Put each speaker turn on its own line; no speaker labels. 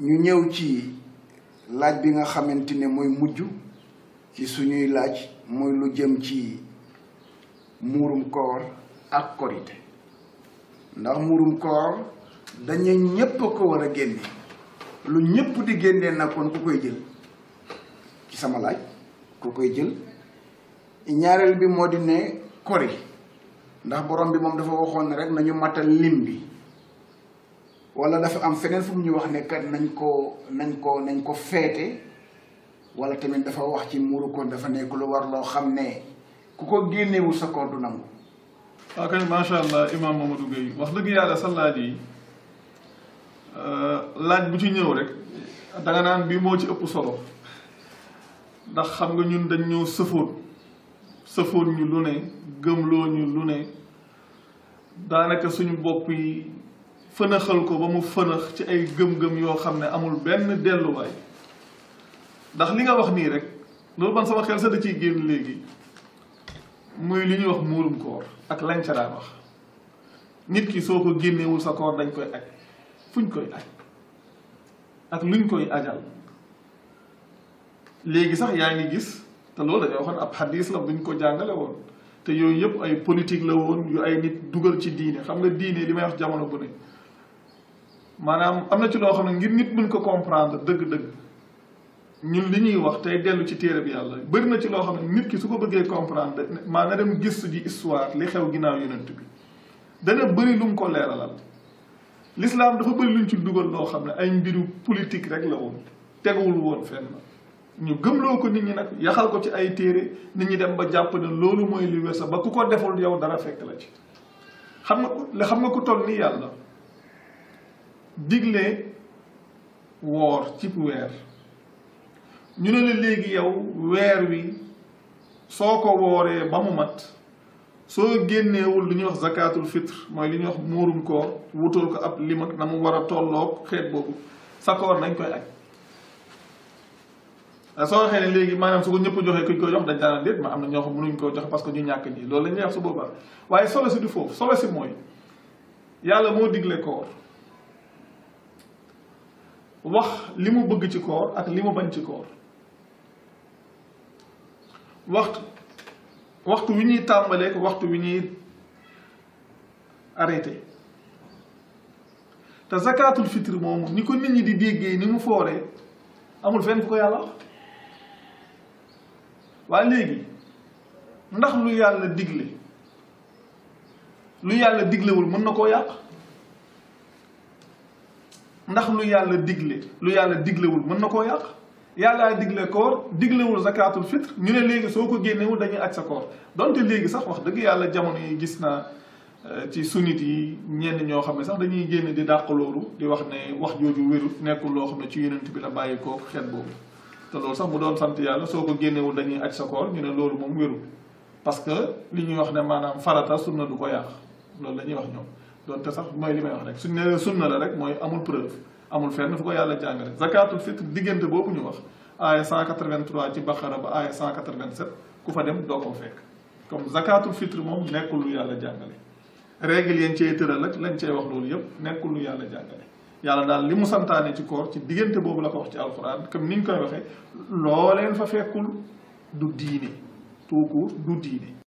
ñu ñëw ci laaj bi nga xamante ne mooy mujj ci suñuy laaj mooy lu jëm ci muurum koor ak korite ndax muurum koor dañu ñépp a ko war a génne lu ñépp di génnee nag kon ku koy jël ci sama laaj ku koy jël ñaareel bi moo di ne kori ndax borom bi moom dafa waxoon ne nañu matal lim bi wala dafa am feneen fu mu ñu wax ne kat nañ ko nañ ko nañ ko feete wala tamit dafa wax ci muuru koor dafa nekk lu war loo xam ne ku ko génnewul sa koor du nangu
waaw ah, kay macha allah imam Mamadou Gueye wax dëgg yàlla sa laaj yi euh, laaj bu ci ñëw rek danga naan bii moo ci ëpp solo ndax xam nga ñun dañ ñëw sëfoon sëfoon ñu lu ne gëmloo ñu lu ne daanaka suñu bopp yi فنخل كو بامو فنخ تي اي گم گم يو خامني امول بن ديلو واي داخ ليغا واخ ني ريك لول بان سما خيل سا دا تي گين ليغي موي لي ني واخ كور اك لانچ را واخ نيت كي سوكو گيني وول سا كور دنج كوي اك فوج كوي اك اك لوج كوي اجال ليغي صاح ياغي گيس تا لول دا اب حديث لا بن كو جانغالي وون te yooyu yëpp ay politique la woon yu ay nit dugal ci diine xam nga diine maanaam am na ci loo xam ne ngir nit mën ko comprendre dëgg-dëgg ñun li ñuy wax tey dellu ci téere bi yàlla bëri na ci loo xam ne nit ki su ko bëggee comprendre maa na dem gis ji histoire li xew ginnaaw yonent bi dana bëri ko leeralal l'islam dafa bëri luñ ci dugal loo xam ne ay mbiru politique rek la woon teguwul woon fenn ñu gëmloo ko nit ñi nag yaxal ko ci ay téere nit ñi dem ba jàpp ne loolu mooy li wesa ba ku ko deful yow dara fekk la ci xam nga xam nga ku toll nii yàlla digle woor cib weer ñu ne la léegi yow weer wi soo ko wooree ba mu mat soo génneewul lu ñuy wax zakatul fitre mooy li ñuy wax muurum koor wutal ko ab lim ak na mu war a tolloog xeet boobu sa koor nañ koy aj ah, soo waxee ne léegi maanaam su ko ñëpp joxee kuñ koy jox dañ daana déet ma am na ñoo xam mënuñ koo joxe parce que ñu ñàkk ñi loolu lañ lay su boobaa waaye solo si du foofu solo mooy yàlla moo digle koor wax li mu bëgg ci koor ak li mu bañ ci koor waxtu waxtu wi ñuy tàmbaleek waxtu wi ñuy arrêté te zakatul fitre moomu ñi ko nit ñi di déggee ni mu fooree amul fenn fu ko yàlla wax waaye léegi ndax lu yàlla digle lu yàlla diglewul mën na koo yàq ndax lu yàlla digle lu yàlla diglewul mën na koo yàq yàlla digle koor diglewul zakatul fitre ñu ne léegi soo ko génnewul dañuy aj sa koor donte léegi sax wax dëgg yàlla jamono yi gis naa euh, ci sunnit yi ñenn ñoo xam ne sax dañuy génn di dàq loolu di wax ne wax jooju wérul nekkul loo xam ne ci yonent bi la koo xeet boobu te loolu doon sant yàlla soo ko génnewul dañuy aj sa koor ñu ne loolu moom wérul parce que li ñuy wax ne maanaam farata sunna du ko yàq loolu la ñuy wax ñoom doonte sax mooy li may wax rek suñ ne sunna la rek mooy amul preuve amul fenn fu ko yàlla jàngale zakatul fitre diggante boobu ñu wax aaya 183 ci Baqara ba aaya 187 ku fa dem doo ko fekk comme zakatul fitre moom nekkul lu yàlla jàngale règle yeen cey tëral ak lañ cey wax loolu yëpp nekkul lu yàlla jàngale yàlla daal li mu santaane ci koor ci diggante boobu la ko wax ci alquran comme ni ñu koy waxee looleen fa fekkul du diine tout court du diine